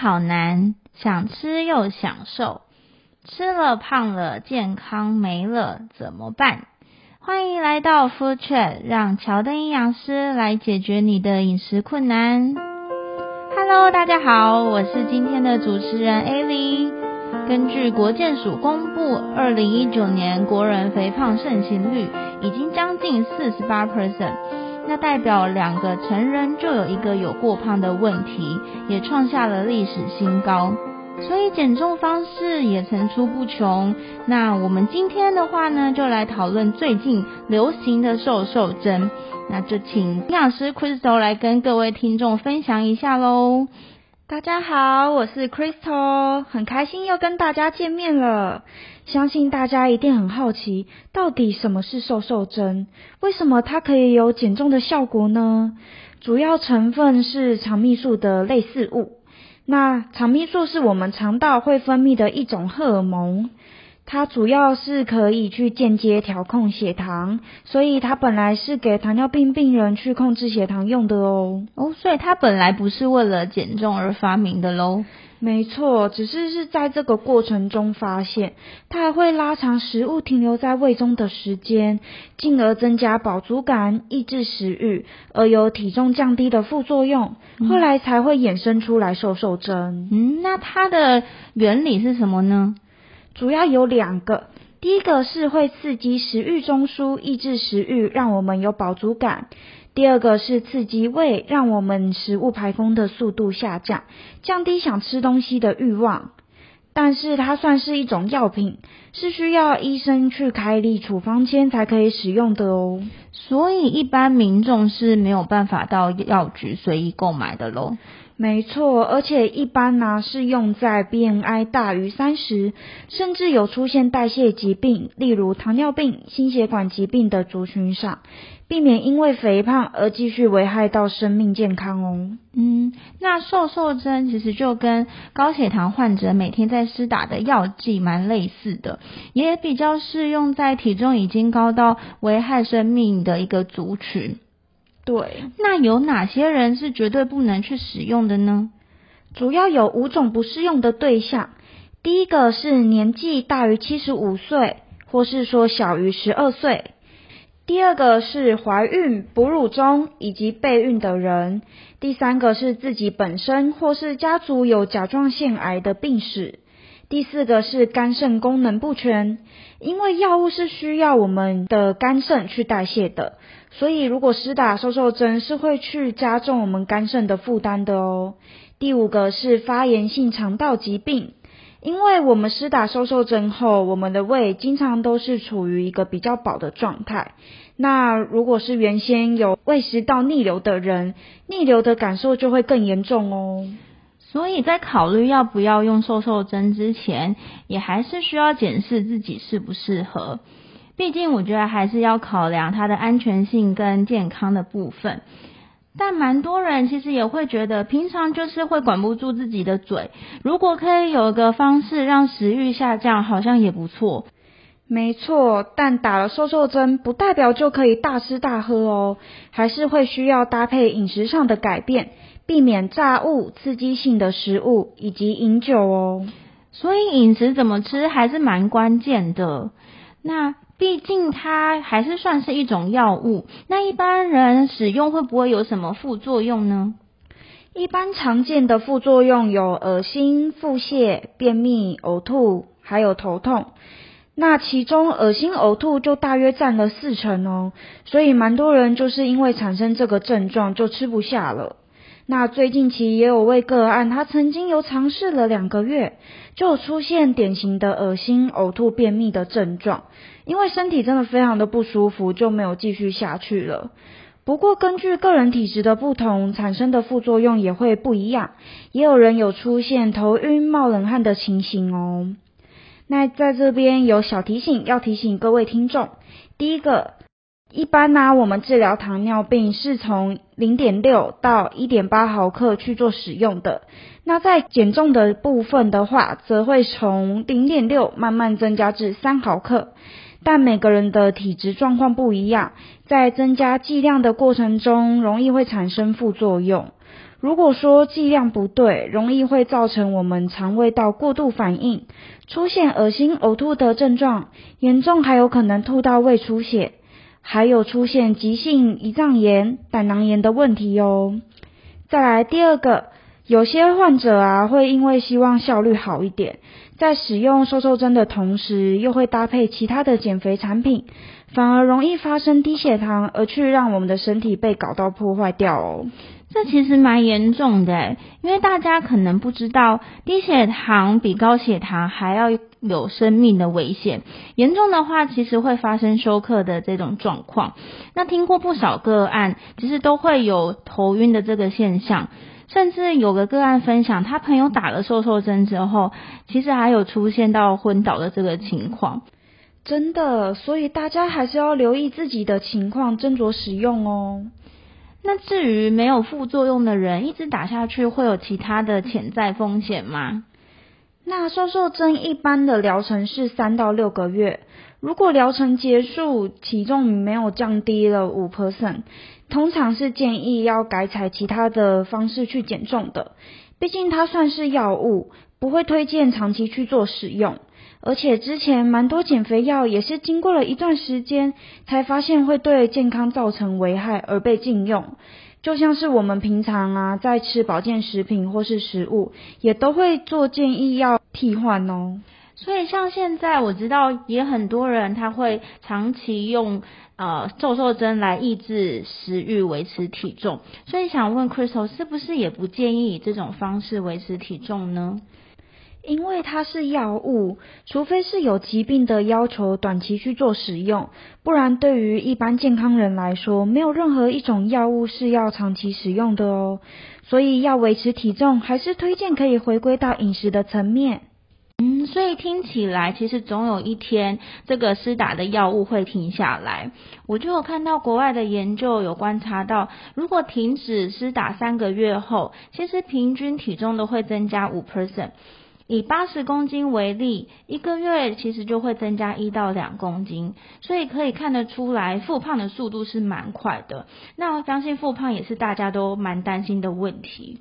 好難，想吃又享受。吃了胖了，健康沒了，怎麼辦？歡迎來到 Food Chat，讓喬燈營養師來解決你的飲食困難。Hello，大家好，我是今天的主持人 Ali。根據國健署公布，二零一九年國人肥胖盛行率已經將近四十八 percent。那代表兩個成人就有一個有過胖的問題，也創下了歷史新高。所以減重方式也層出不窮。那我們今天的話呢，就來討論最近流行的瘦瘦針。那就請營養師 Crystal 來跟各位聽眾分享一下嘍。大家好，我是 Crystal，很開心又跟大家見面了。相信大家一定很好奇，到底什麼是瘦瘦針？為什麼它可以有減重的效果呢？主要成分是腸泌素的類似物。那腸泌素是我們腸道會分泌的一種荷爾蒙，它主要是可以去間接調控血糖，所以它本來是給糖尿病病人去控制血糖用的哦。哦，所以它本來不是為了減重而發明的嘍。沒錯，只是是在這個過程中發現，它還會拉長食物停留在胃中的時間，進而增加飽足感，抑制食慾，而有體重降低的副作用。後來才會衍生出來瘦瘦針。嗯，那它的原理是什麼呢？主要有兩個，第一個是會刺激食慾中樞，抑制食慾，讓我們有飽足感。第二個是刺激胃，讓我們食物排空的速度下降，降低想吃東西的慾望。但是它算是一種藥品，是需要醫生去開立處方箋才可以使用的哦。所以一般民眾是沒有辦法到藥局隨意購買的嘍。沒錯，而且一般呢、啊、是用在 BMI 大於三十，甚至有出現代謝疾病，例如糖尿病、心血管疾病的族群上，避免因為肥胖而繼續危害到生命健康哦。嗯，那瘦瘦針其實就跟高血糖患者每天在施打的藥劑蠻類似的，也比較適用在體重已經高到危害生命的一個族群。對，那有哪些人是絕對不能去使用的呢？主要有五種不適用的對象，第一個是年紀大於七十五歲，或是說小於十二歲；第二個是懷孕、哺乳中以及備孕的人；第三個是自己本身或是家族有甲狀腺癌的病史。第四個是肝腎功能不全，因為藥物是需要我們的肝腎去代謝的，所以如果施打瘦瘦針是會去加重我們肝腎的負擔的哦。第五個是發炎性腸道疾病，因為我們施打瘦瘦針後，我們的胃經常都是處於一個比較飽的狀態，那如果是原先有胃食道逆流的人，逆流的感受就會更嚴重哦。所以在考慮要不要用瘦瘦針之前，也還是需要檢視自己適不適合。畢竟我覺得還是要考量它的安全性跟健康的部分。但蠻多人其實也會覺得，平常就是會管不住自己的嘴，如果可以有個方式讓食慾下降，好像也不錯。沒錯，但打了瘦瘦針不代表就可以大吃大喝哦，還是會需要搭配飲食上的改變。避免炸物、刺激性的食物以及飲酒哦。所以飲食怎麼吃還是蠻關鍵的。那畢竟它還是算是一種藥物。那一般人使用會不會有什麼副作用呢？一般常見的副作用有惡心、腹瀉、便秘、嘔吐，還有頭痛。那其中惡心嘔吐就大約占了四成哦。所以蠻多人就是因為產生這個症狀就吃不下了。那最近其實也有位個案，他曾經有嘗試了兩個月，就出現典型的噁心、嘔吐、便秘的症狀，因為身體真的非常的不舒服，就沒有繼續下去了。不過根據個人體質的不同，產生的副作用也會不一樣，也有人有出現頭暈、冒冷汗的情形哦。那在這邊有小提醒，要提醒各位聽眾，第一個。一般呢、啊，我們治療糖尿病是從零點六到一點八毫克去做使用的。那在減重的部分的話，則會從零點六慢慢增加至三毫克。但每個人的體質狀況不一樣，在增加劑量的過程中，容易會產生副作用。如果說劑量不對，容易會造成我們腸胃道過度反應，出現噁心、嘔吐的症狀，嚴重還有可能吐到胃出血。還有出現急性胰臟炎、膽囊炎的問題喲、哦。再來，第二個，有些患者啊會因為希望效率好一點，在使用瘦瘦針的同時，又會搭配其他的減肥產品，反而容易發生低血糖，而去讓我們的身體被搞到破壞掉哦。這其實蠻嚴重的誒，因為大家可能不知道，低血糖比高血糖還要有生命的危險。嚴重的話，其實會發生休克的這種狀況。那聽過不少個案，其實都會有頭暈的這個現象，甚至有個個案分享，他朋友打了瘦瘦針之後，其實還有出現到昏倒的這個情況。真的，所以大家還是要留意自己的情況，斟酌使用哦。那至於沒有副作用的人，一直打下去會有其他的潛在風險嗎？那瘦瘦針一般的療程是三到六個月，如果療程結束，體重沒有降低了百分之五，通常是建議要改採其他的方式去減重的，畢竟它算是藥物，不會推薦長期去做使用。而且之前蠻多減肥藥也是經過了一段時間才發現會對健康造成危害而被禁用，就像是我們平常啊在吃保健食品或是食物，也都會做建議要替換哦。所以像現在我知道也很多人他會長期用呃瘦瘦針來抑制食慾維持體重，所以想問 Crystal 是不是也不建議以這種方式維持體重呢？因為它是藥物，除非是有疾病的要求短期去做使用，不然對於一般健康人來說，沒有任何一種藥物是要長期使用的哦。所以要維持體重，還是推薦可以回歸到飲食的層面。嗯，所以聽起來其實總有一天這個施打的藥物會停下來。我就有看到國外的研究有觀察到，如果停止施打三個月後，其實平均體重都會增加五 percent。以八十公斤為例，一個月其實就會增加一到兩公斤，所以可以看得出來復胖的速度是蠻快的。那我相信復胖也是大家都蠻擔心的問題。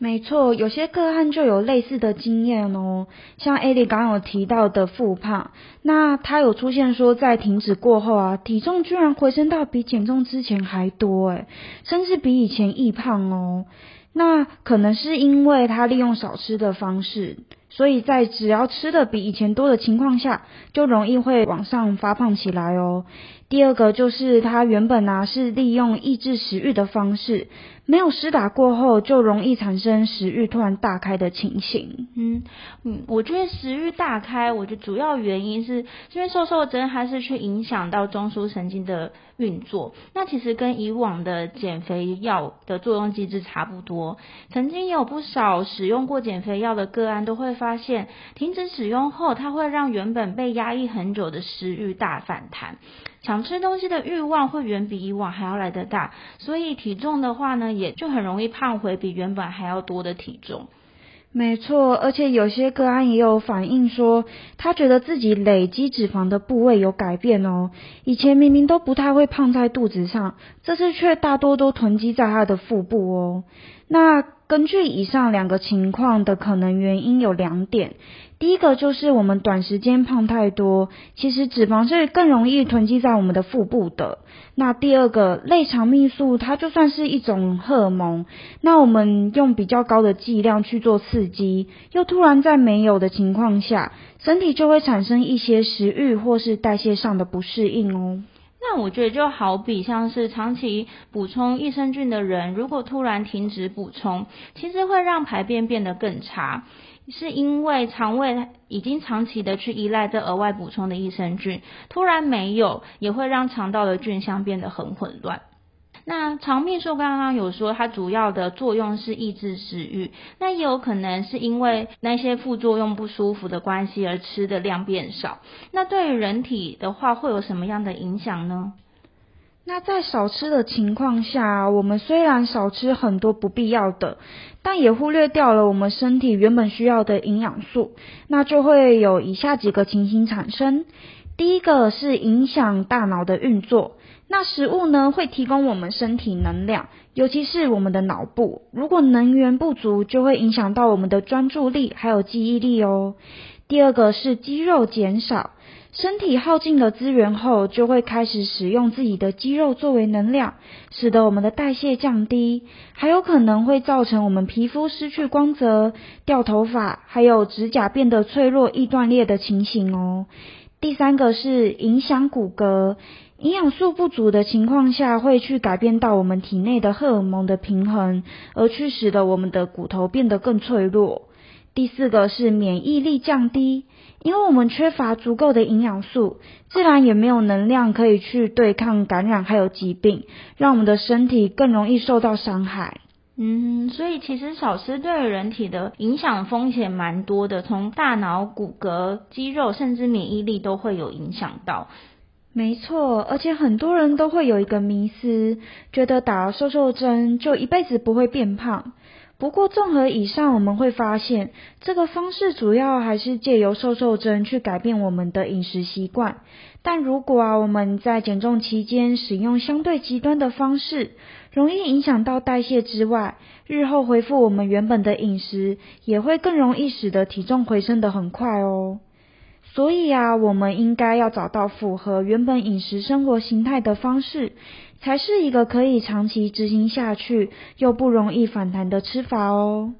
沒錯，有些個案就有類似的經驗哦，像艾莉剛剛有提到的復胖，那他有出現說在停止過後啊，體重居然回升到比減重之前還多誒，甚至比以前易胖哦，那可能是因為他利用少吃的方式，所以在只要吃的比以前多的情況下，就容易會往上發胖起來哦。第二個就是他原本啊是利用抑制食慾的方式。沒有施打過後，就容易產生食慾突然大開的情形。嗯嗯，我覺得食慾大開，我覺得主要原因是，是因為瘦瘦針還是去影響到中樞神經的運作。那其實跟以往的減肥藥的作用機製差不多。曾經有不少使用過減肥藥的個案，都會發現停止使用後，它會讓原本被壓抑很久的食慾大反彈。想吃東西的慾望會遠比以往還要來得大，所以體重的話呢，也就很容易胖回比原本還要多的體重。沒錯，而且有些個案也有反映說，他覺得自己累積脂肪的部位有改變哦，以前明明都不太會胖在肚子上，這次卻大多都囤積在他的腹部哦。那根據以上兩個情況的可能原因有兩點，第一個就是我們短時間胖太多，其實脂肪是更容易囤積在我們的腹部的。那第二個，類腸泌素它就算是一種荷爾蒙，那我們用比較高的劑量去做刺激，又突然在沒有的情況下，身體就會產生一些食慾或是代謝上的不適應哦。那我覺得就好比像是長期補充益生菌的人，如果突然停止補充，其實會讓排便變得更差，是因為腸胃已經長期的去依賴這額外補充的益生菌，突然沒有，也會讓腸道的菌相變得很混亂。那腸泌素剛剛有說，它主要的作用是抑制食欲，那也有可能是因為那些副作用不舒服的關係而吃的量變少。那對於人體的話，會有什麼樣的影響呢？那在少吃的情況下，我們雖然少吃很多不必要的，但也忽略掉了我們身體原本需要的營養素，那就會有以下幾個情形產生。第一個是影響大腦的運作，那食物呢，會提供我們身體能量，尤其是我們的腦部，如果能源不足，就會影響到我們的專注力還有記憶力哦。第二個是肌肉減少，身體耗盡了資源後，就會開始使用自己的肌肉作為能量，使得我們的代謝降低，還有可能會造成我們皮膚失去光澤、掉頭髮，還有指甲變得脆弱易斷裂的情形哦。第三個是影響骨骼，營養素不足的情況下，會去改變到我們體內的荷爾蒙的平衡，而去使得我們的骨頭變得更脆弱。第四個是免疫力降低，因為我們缺乏足夠的營養素，自然也沒有能量可以去對抗感染還有疾病，讓我們的身體更容易受到傷害。嗯，所以其實少吃對人體的影響風險蠻多的，從大腦、骨骼、肌肉，甚至免疫力都會有影響到。沒錯，而且很多人都會有一個迷思，覺得打了瘦瘦針就一輩子不會變胖。不過綜合以上，我們會發現這個方式主要還是借由瘦瘦針去改變我們的飲食習慣。但如果啊，我們在減重期間使用相對極端的方式。容易影響到代謝之外，日後恢復我們原本的飲食，也會更容易使得體重回升得很快哦。所以啊，我們應該要找到符合原本飲食生活形態的方式，才是一個可以長期執行下去又不容易反彈的吃法哦。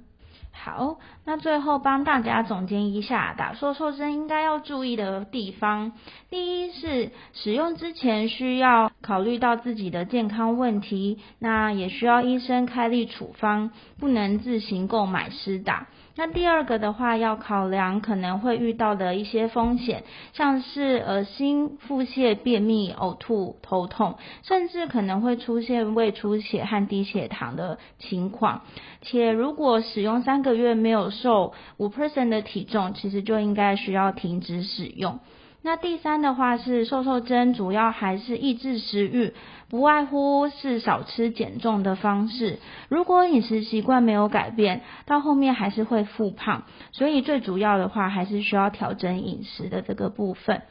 哦，那最後幫大家總結一下打瘦瘦針應該要注意的地方。第一是使用之前需要考慮到自己的健康問題，那也需要醫生開立處方，不能自行購買施打。那第二個的話，要考量可能會遇到的一些風險，像是噁心、腹瀉、便秘、嘔吐、頭痛，甚至可能會出現胃出血和低血糖的情況。且如果使用三個月沒有瘦五 p e r s o n 的體重，其實就應該需要停止使用。那第三的話是瘦瘦針，主要還是抑制食欲，不外乎是少吃減重的方式。如果飲食習慣沒有改變，到後面還是會復胖，所以最主要的話還是需要調整飲食的這個部分。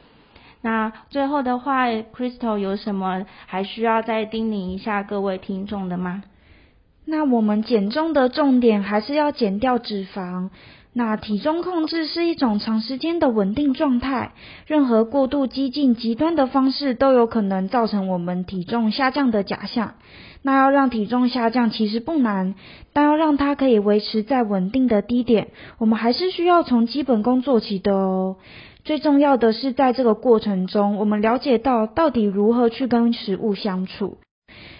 那最後的話，Crystal 有什麼還需要再叮嚀一下各位聽眾的嗎？那我們減重的重點還是要減掉脂肪。那體重控制是一種長時間的穩定狀態，任何過度激進、極端的方式都有可能造成我們體重下降的假象。那要讓體重下降其實不難，但要讓它可以維持在穩定的低點，我們還是需要從基本功做起的哦。最重要的是，在這個過程中，我們了解到到底如何去跟食物相處，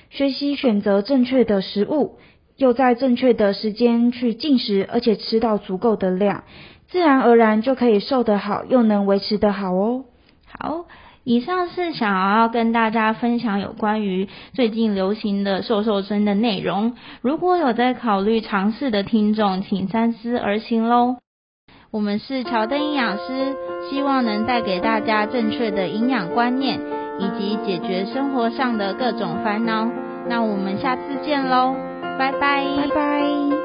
學習選擇正確的食物。又在正確的時間去進食，而且吃到足夠的量，自然而然就可以瘦得好，又能維持得好哦。好，以上是想要跟大家分享有關於最近流行的瘦瘦針的內容。如果有在考慮嘗試的聽眾，請三思而行嘍。我們是喬登營養師，希望能帶給大家正確的營養觀念，以及解決生活上的各種煩惱。那我們下次見嘍。拜拜，拜拜。